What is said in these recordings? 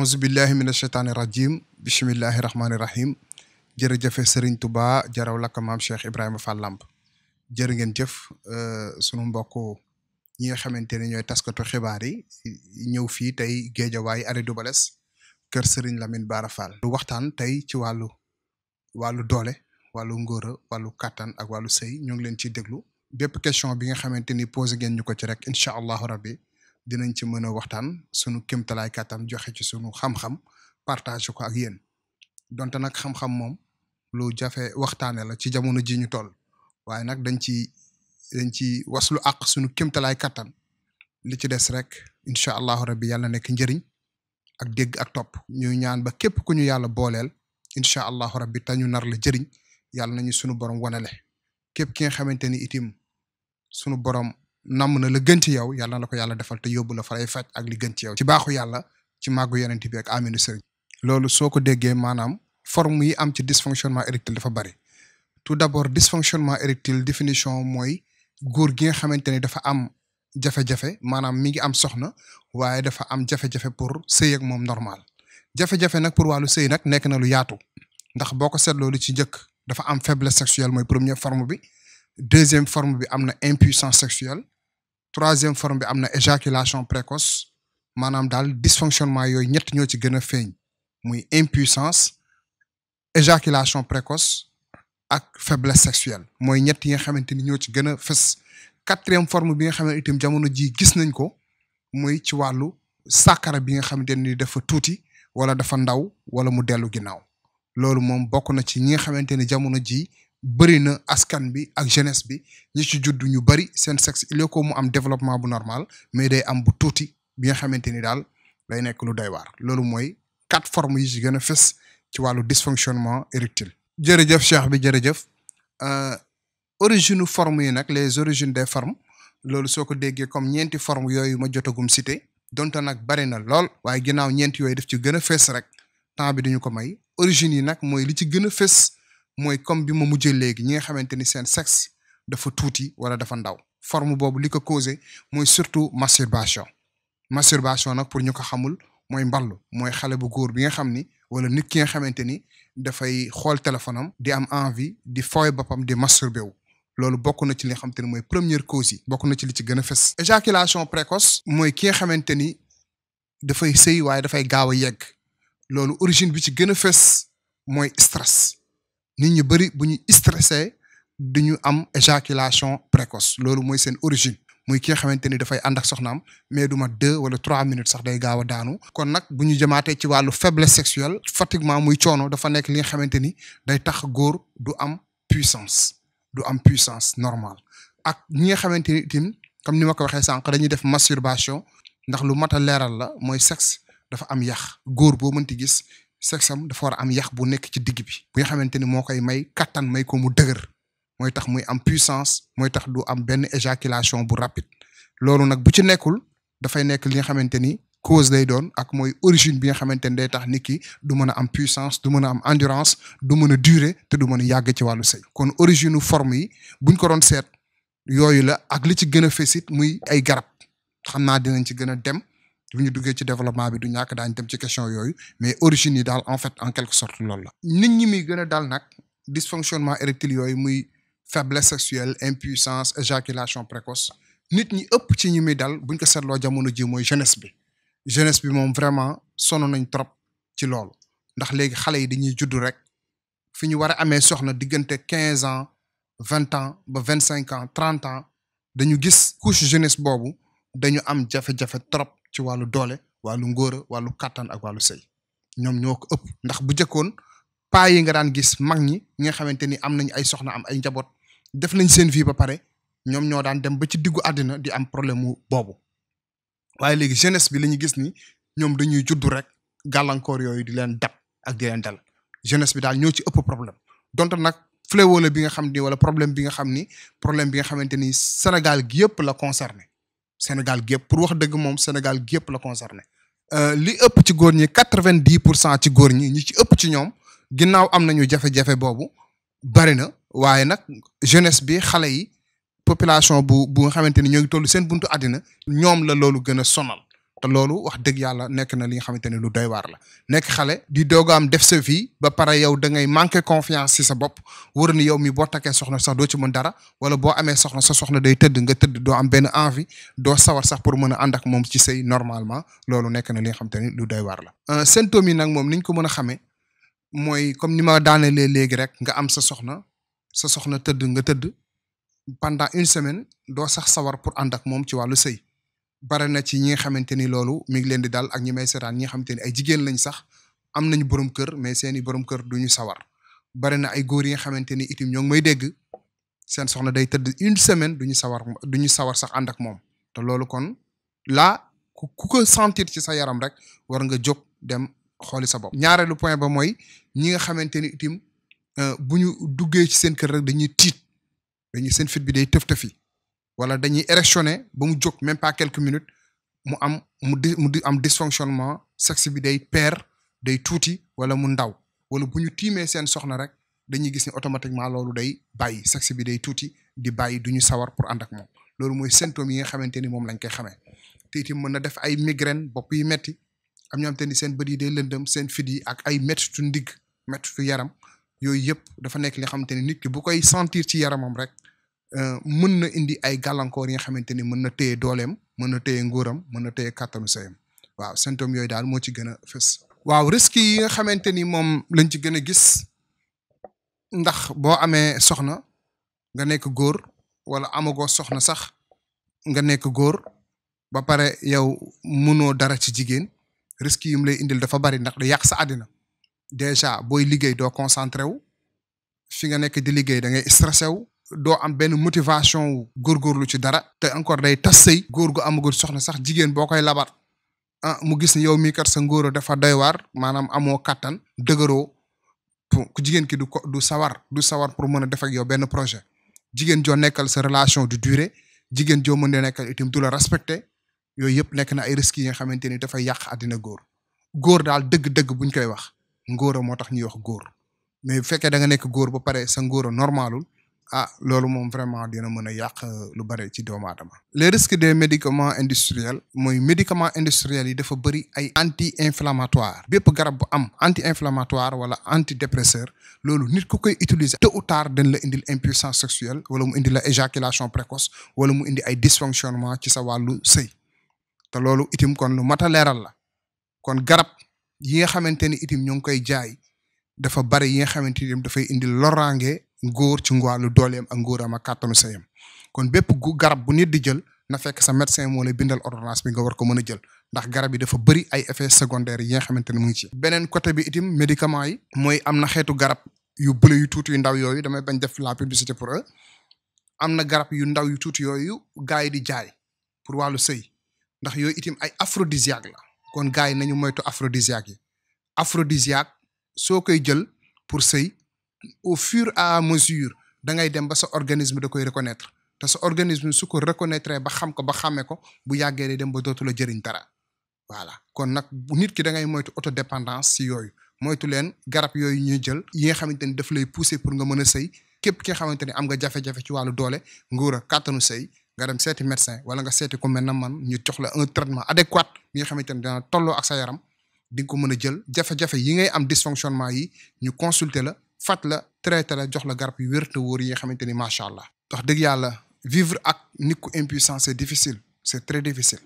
auzu billahi mina shaytaani rajim bismillahi rahmaani rahim jërëjëfe Serigne Touba jaraw lakk maam Cheikh Ibrahima Fall Lamp jërë ngeen jëf euh, sunu mbokk ñi nga xamante ne ñooy taskatu xibaar yi ñëw fii tey Géejawaay arrêt du Balès kër Serigne Lamine Bara Fall. waxtaan tey ci wàllu wàllu doole wàllu ngóora wàllu kattan ak wàllu sëy ñu ngi leen ciy déglu bépp question bi nga xamante ni posé ngeen ñu ko ci rek incha allahu rabbi dinañ ci mën a waxtaan sunu kéemtalaay kàttan joxe ci sunu xam-xam partage ko ak yéen donte nag xam-xam moom lu jafe waxtaane la ci jamono ji ñu toll waaye nag dañ ci dañ ci waslu àq sunu kéemtalaay kàttan li ci des rek incha allahu rabbi yàlla nekk njëriñ ak dégg ak topp. ñu ñaan ba képp ku ñu yàlla booleel incha allahu rabbi ta ñu nar la jëriñ yàlla nañu sunu borom wanale képp ki nga xamante ni itim sunu borom. namm na la gën ci yow yàlla na la ko yàlla defal te yóbbu la faray faj ak li gën ci yow ci baaxu yàlla ci màggu yonent bi ak aminu loolu soo ko déggee maanaam forme yi am ci dysfonctionnement érectile dafa bari tout d'abord dysfonctionnement érectile définition mooy góor gi nga xamante ni dafa am jafe maanaam mi ngi am soxna waaye dafa am jafe pour sëy moom normal jafe nag pour wàllu sëy nag nekk na lu yaatu ndax boo ko seetloo lu ci njëkk dafa am faiblesse sexuelle mooy forme bi deuxième forme bi am na impuissance sexuelle troisième forme bi am na éjaculation précoce maanaam daal dysfonctionnement yooyu ñett ñoo ci gën a feeñ muy impuissance éjaculation précoce ak faiblesse sexuelle mooy ñett yi nga xamante ni ñoo ci gën a fës quatrième forme bi nga xamante itam jamono ji gis nañ ko muy ci wàllu sàkkara bi nga xamante ni dafa tuuti wala dafa ndaw wala mu dellu ginnaaw loolu moom bokk na ci ñi nga xamante ni jamono ji bëri na askan bi ak jeunesse bi ñi ci juddu ñu bëri seen sexe il mu am développement bu normal mais day am bu tuuti bi nga xamante ni daal day nekk lu doy waar loolu mooy quatre formes yi ci gën a fës ci wàllu dysfonctionnement érectile. jërëjëf cheikh bi jërëjëf euh, origine forme yi nag les origines des formes loolu soo ko déggee comme ñeenti forme yooyu ma jotagum cité donte nag bëri na lool waaye ginnaaw ñeenti yooyu daf ci gën a fës rek temps bi duñu ko may origine yi nag li ci gën a fës. mooy comme bi ma mujjee léegi ñi nga xamante ni seen sexe dafa tuuti wala dafa ndaw forme boobu li ko causé mooy surtout masturbation masturbation nag pour ñu ko xamul mooy mballu mooy xale bu góor bi nga xam ni wala nit ki nga xamante ni dafay xool téléphone am di am envie di fooy boppam di masturbé wu loolu bokk na ci li nga xamante ni mooy première cause yi bokk na ci li ci gën a fës éjaculation précoce mooy ki nga xamante ni dafay sëy waaye dafay gaaw a yegg loolu origine bi ci gën a fës mooy stress nit ñu bëri bu ñu stressé du ñu am éjaculation précoce loolu mooy seen origine muy ki nga xamante ni dafay ànd ak soxnaam mais du ma deux wala trois minutes sax day gaaw a daanu. kon nag bu ñu jëmaatee ci wàllu faiblesse sexuelle fatiguement muy coono dafa nekk li nga xamante ni day tax góor du am puissance du am puissance normale ak ñi nga xamante ni tim comme ni ma ko waxee sànq dañuy def masturbation ndax lu mat a leeral la mooy sexe dafa am yax góor boo mënti gis sexe dafa war a am yax bu nekk ci digg bi bu nga xamante ni moo koy may kattan may ko mu dëgër mooy tax muy am puissance mooy tax du am benn éjaculation bu rapide loolu nag bu ci nekkul dafay nekk li nga xamante ni cause lay doon ak mooy origine bi nga xamante ni day tax nit ki du mën a am puissance du mën a am endurance du mën a durer te du mën a yàgg ci wàllu sëy kon origine forme yi buñ ko doon seet yooyu la ak li ci gën a fesit muy ay garab xam naa dinañ ci gën a dem bu ñu duggee ci développement bi du ñàkk daañ dem ci question yooyu mais origine yi daal en fait en quelque sorte loolu la. nit ñi muy gën a dal nag dysfonctionnement érectile yooyu muy faiblesse sexuelle impuissance éjaculation précoce nit ñi ëpp ci ñi muy dal buñ ko seetloo jamono ji mooy jeunesse bi jeunesse bi moom vraiment sonn nañ trop ci lool ndax léegi xale yi dañuy juddu rek fi ñu war a amee soxna diggante quinze ans vingt ans ba vingt cinq ans trente ans dañu gis couche jeunesse boobu dañu am jafe trop. ci wàllu doole wàllu ngóora wàllu kàttan ak wàllu sëy ñoom ñoo ko ëpp ndax bu njëkkoon paa yi nga daan gis mag ñi nga xamante ni am nañu ay soxna am ay njaboot def nañ seen vie ba pare ñoom ñoo daan dem ba ci diggu àddina di am problème mu boobu waaye léegi jeunesse bi la ñu gis ni ñoom dañuy juddu rek gàllankoor yooyu di leen dab ak di leen dal jeunesse bi daal ñoo ci ëpp problème donte nag fléau la bi nga xam ni wala problème bi nga xam ni problème bi nga xamante ni Sénégal gi yëpp la concerné Sénégal gépp pour wax dëgg moom Sénégal gépp la concerné. Euh, li ëpp ci góor ñi quatre vingt pour cent ci góor ñi ñi ci ëpp ci ñoom ginnaaw am nañu jafe-jafe boobu bari na waaye nag jeunesse bi xale yi population bu bu nga xamante ni ñoo ngi toll seen buntu àddina ñoom la loolu gën a sonal. te loolu wax dëgg yàlla nekk na li nga xamante ne lu doy waar la nekk xale di doog am def sa vie ba pare yow da ngay manquer confiance si sa bopp wër yow mi boo takkee soxna sax doo ci mën dara wala boo amee soxna sa soxna day tëdd nga tëdd doo am benn envie doo sawar sax pour mën a ànd ak moom ci sëy normalement loolu nekk na li nga xamante ne lu doy waar la euh, symptômes yi nag moom niñ ko mën a xamee mooy comme ni ma daanelee léegi rek nga am sa soxna sa soxna tëdd nga tëdd pendant une semaine doo sax sawar pour ànd ak moom ci wàllu sëy bare na ci ñi nga xamante ni loolu mi ngi leen di daal ak ñi may seetaan ñi nga xamante ni ay jigéen lañ sax am nañu borom kër mais seeni borom kër duñu sawar bare na ay góor yi nga xamante ni itam ñoo ngi may dégg seen soxna day tëdd une semaine duñu sawar duñu sawar sax ànd ak moom te loolu kon laa ku ko sentir ci sa yaram rek war nga jóg dem xooli sa bopp. ñaareelu point ba mooy ñi nga xamante ni itam euh, bu ñu duggee ci seen kër rek dañuy tiit dañu seen fit bi day tëf tëfi wala dañuy érectionné ba mu jóg même pas quelques minutes mu am mu di mu di am dysfonctionnement sexe bi day peer day tuuti wala mu ndaw wala bu ñu tiimee seen soxna rek dañuy gis ni automatiquement loolu day bàyyi sexe bi day tuuti di bàyyi du ñu sawar pour ànd ak moom loolu mooy symptômes yi nga xamante ni moom lañ koy xamee te itam mën na def ay migraine bopp yi metti am ñoo xamante ni seen bët yi day lëndëm seen fit yi ak ay mettitu ndigg mettitu yaram yooyu yëpp dafa nekk li xamante ni nit ki bu koy sentir ci yaramam rek Euh, mën na indi ay gàllankoor yi nga xamante ni mën na téye dooleem mën na téye nguuram mën na téye kàttanu sayam waaw symptômes yooyu daal moo ci gën a fës. waaw risques yi nga xamante ni moom lañ ci gën a gis ndax boo amee soxna nga nekk góor wala amagoo soxna sax nga nekk góor ba pare yow mënoo dara ci jigéen risques yi mu lay indil dafa bari ndax da yàq sa àddina déjà booy liggéey doo concentré wu fi nga nekk di liggéey da ngay stressé wu. doo am benn motivation wu lu ci dara te encore day tas sëy góor gu amagul soxna sax jigéen boo koy labar ah mu gis ni yow mii kat sa ngóoro dafa day waar maanaam amoo kàttan dëgëroo pour ku jigéen ki du ko du sawar du sawar pour mën a def yow benn projet jigéen joo nekkal sa relation de dure jigéen joo mën a nekkal itam du la respecté yooyu yëpp nekk na ay risques yi nga xamante ni dafay yàq àddina góor góor daal dëgg-dëgg buñ koy wax ngóoro moo tax ñuy wax góor mais bu fekkee da nga nekk góor ba pare sa ngóoro normalul ah loolu moom vraiment dina mën a yàq euh, lu bare ci doomu aadama les risques des médicaments industriels mooy médicament industriels yi dafa bëri ay anti inflammatoire bépp garab bu am anti inflammatoire wala anti antidépresseur loolu nit ku koy utiliser tôt ou tard dañ la indil impuissance sexuelle wala mu indi la éjaculation précoce wala mu indi ay dysfonctionnement ci sa wàllu sëy te loolu itim kon lu mat a leeral la kon garab yi nga xamante ni itim ñoo ngi koy jaay dafa bari yi nga xamante ni dafay indi loraange ngóor ci wàllu dooleem ak ngóoram ak kàttanu sayam kon bépp gu garab bu nit di jël na fekk sa médecin moo lay bindal ordonnance bi nga war ko mën a jël ndax garab yi dafa bëri ay effets secondaires yi nga xamante ne mu ngi ci. beneen côté bi itim médicament yi. mooy am na xeetu garab yu bële yu tuuti yu ndaw yooyu damay bañ def la publicité pour eux am na garab yu ndaw yu tuuti yooyu gars yi di jaay pour wàllu sëy ndax yooyu itim ay aphrodisiaque la kon gars yi nañu moytu aphrodisiaque yi aphrodisiaque soo koy jël pour sëy au fur et à mesure da ngay dem ba sa organisme da koy reconnaître te sa organisme su ko ba xam ko ba xàmme ko bu yàggee day dem ba dootu la jëriñ dara voilà kon nag bu nit ki da ngay moytu autodépendance si yooyu moytu leen garab yooyu ñuy jël yi nga xamante ni daf lay pousser pour nga mën a sëy képp ki nga xamante ni am nga jafe-jafe ci wàllu doole nguur a kàttanu sëy nga dem seeti médecin wala nga seeti ku mel man ñu jox la un traitement adéquat bi nga xamante ni dana tolloo ak sa yaram di nga ko mën a jël jafe yi ngay am dysfonctionnement yi ñu consulter la faj la traité la jox la garab yu wér te wóor yi nga xamante ni macha allah. wax dëgg yàlla vivre ak nit ku impuissant c'est difficile c'est très difficile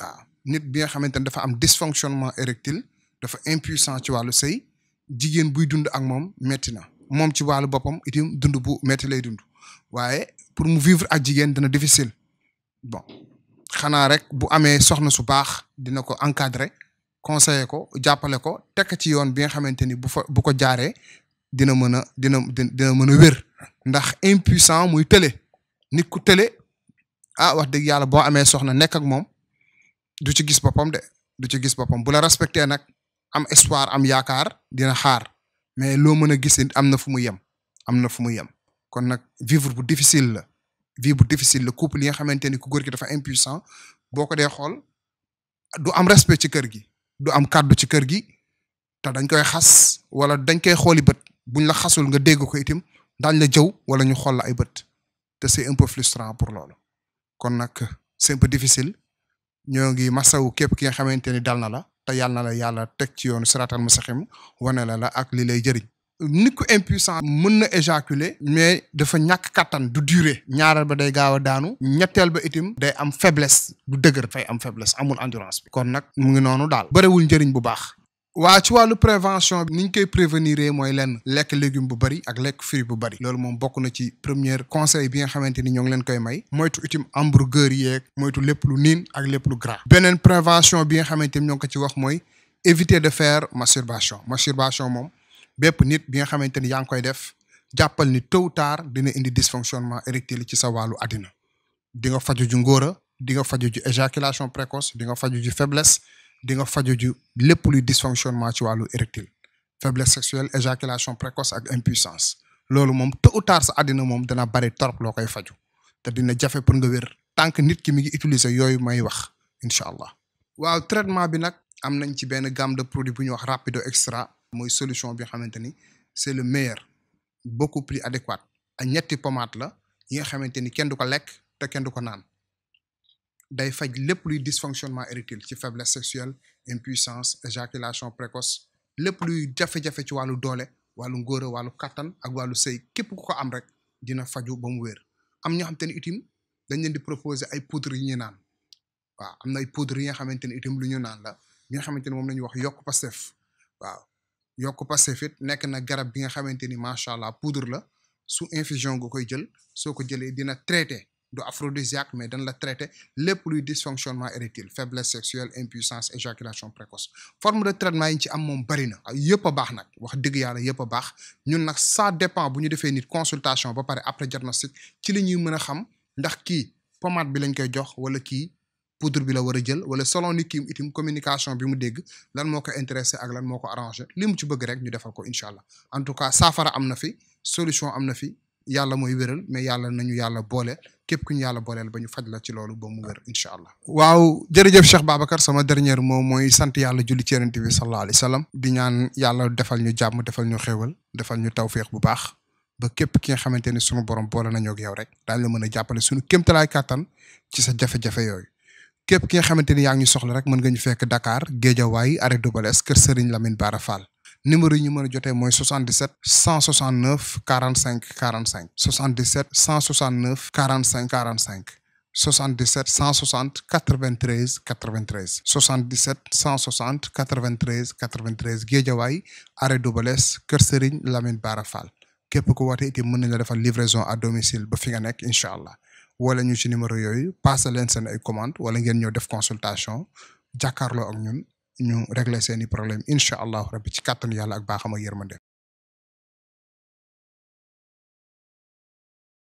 waaw nit bi nga xamante ni dafa am dysfonctionnement érectile dafa impuissant ci wàllu sëy jigéen buy dund ak moom métti na moom ci wàllu boppam itam dund bu métti lay dund waaye pour mu vivre ak jigéen dina difficile bon xanaa rek bu amee soxna su baax dina ko encadrer conseiller ko jàppale ko tekk ci yoon bi nga xamante ni bu fa bu ko jaaree dina mën a dina dina mën a wér ndax impuissant muy tële nit ku tële ah wax dëgg yàlla boo amee soxna nekk ak moom du ci gis boppam de du ci gis boppam bu la respecté nag am espoir am yaakaar dina xaar mais loo mën a gis am na fu mu yem am na fu mu yem kon nag vivre bu difficile la vie bu difficile la couple yi nga xamante ni ku góor gi dafa impuissant boo ko dee xool du am respect ci kër gi du am kàddu ci kër gi te dañ koy xas wala dañ koy xooli bët buñ la xasul nga dégg ko itam daañ la jëw wala ñu xool la ay bët te c'est un peu pour loolu kon nag c'est un peu difficile ñoo ngi masawu képp ki nga xamante ni dal na la te yàlla na la yàlla teg ci yoonu siraatal mustaqiim wane la la ak li lay jëriñ nit ku impuissant mën na éjaculer mais dafa ñàkk kattan du durer ñaareel ba day gaaw a daanu ñetteel ba itim day am faiblesse du dëgër fay am faiblesse amul endurance bi kon nag mu ngi noonu daal barewul njëriñ bu baax waa ci wàllu prévention bi ni koy prévenir mooy lenn lekk légume bu bëri ak lekk fruit bu bari loolu moom bokk na ci première conseil bi nga xamante ni ñoo ngi leen koy may moytu itam hamburger yeeg moytu lépp lu niin ak lépp lu gras beneen prévention bi nga xamante ni ñoo ngi ko ci wax mooy éviter de faire masturbation masturbation moom bépp nit bi nga xamante ni yaa ngi koy def jàppal ni tôt ou tard dina indi dysfonctionnement érectile ci sa wàllu àddina di nga faju ju ngóora di nga faju ju éjaculation précoce di nga faju ju faiblesse di nga faju ju lépp luy dysfonctionnement ci wàllu érectile faiblesse sexuelle éjaculation précoce ak impuissance loolu moom tôt ou tard sa àddina moom dana bari torop loo koy faju te dina jafe pour nga wér tant que nit ki mi ngi utiliser yooyu may wax incha allah waaw traitement bi nag am nañ ci benn gamme de produit bu ñuy wax rapido extra mooy solution bi nga xamante ni c'est le meilleur beaucoup plus adéquat ak ñetti pomate la yi nga xamante ni kenn du ko lekk te kenn du ko naan day faj lépp luy dysfonctionnement érectile ci faiblesse sexuelle impuissance éjaculation précoce lépp luy jafe-jafe ci wàllu doole wàllu ngóora wàllu kattan ak wàllu sëy képp ku ko am rek dina faju ba mu wér am ñoo xam ne itim dañ leen di proposer ay poudre yi ñu naan waaw am nay ay poudre yi nga xamante ne itim lu ñu naan la yi nga xamante ni moom la ñuy wax yokk Pastef waaw yokk Pastef it nekk na garab bi nga xamante ni macha allah poudre la su infusion nga koy jël soo ko jëlee dina traité du aphrodisiaque mais dañ la traité lépp luy dysfonctionnement érectile faiblesse sexuelle impuissance éjaculation précoce forme de traitement yi ñu ci am moom bari na yëpp a baax nag wax dëgg yàlla yëpp a baax ñu nag ça dépend bu ñu defee nit consultation ba pare après diagnostic ci la ñuy mën a xam ndax kii pommade bi lañ koy jox wala kii poudre bi la war a jël wala selon ni kii itam communication bi mu dégg lan moo ko intéressé ak lan moo ko arrangé li mu ci bëgg rek ñu defal ko incha allah en tout cas saafara am na fi solution am na fi yàlla mooy wéral mais yàlla nañu yàlla boole képp ku ñu yàlla booleel ba ñu faj la ci loolu ba mu wér incha allah. waaw jërëjëf Cheikh Babacar sama dernier moom mooy sant yàlla julli ci yonent bi sallallahu alayhi di ñaan yàlla defal ñu jàmm defal ñu xéwal defal ñu tawféex bu baax ba képp ki nga xamante ni sunu borom boole nañoo ak yow rek daañu la mën a jàppale sunu kéemtalaay kàttan ci sa jafe-jafe yooyu. képp ki nga xamante ni yaa ngi soxla rek mën nga ñu fekk Dakar Guédiawaye arrêt Double S kër Serigne Lamine Bara Fall numéro yi ñu mën a jotee mooy 77 169 45 45 77 169 45 45 77 160 93 93 77 160 93 93 Guédiawaye arrêt Doubalès Kër Serigne Lamine Bara Fall képp ku woote itam mën na la defal livraison a domicile ba fi nga nekk incha allah wala ñu ci numéro yooyu passé leen seen ay commande wala ngeen ñëw def consultation jàkkaarloo ak ñun ñu régler seen i problème incha allahu rabbi ci kàttan yàlla ak baax baaxam ak yërmande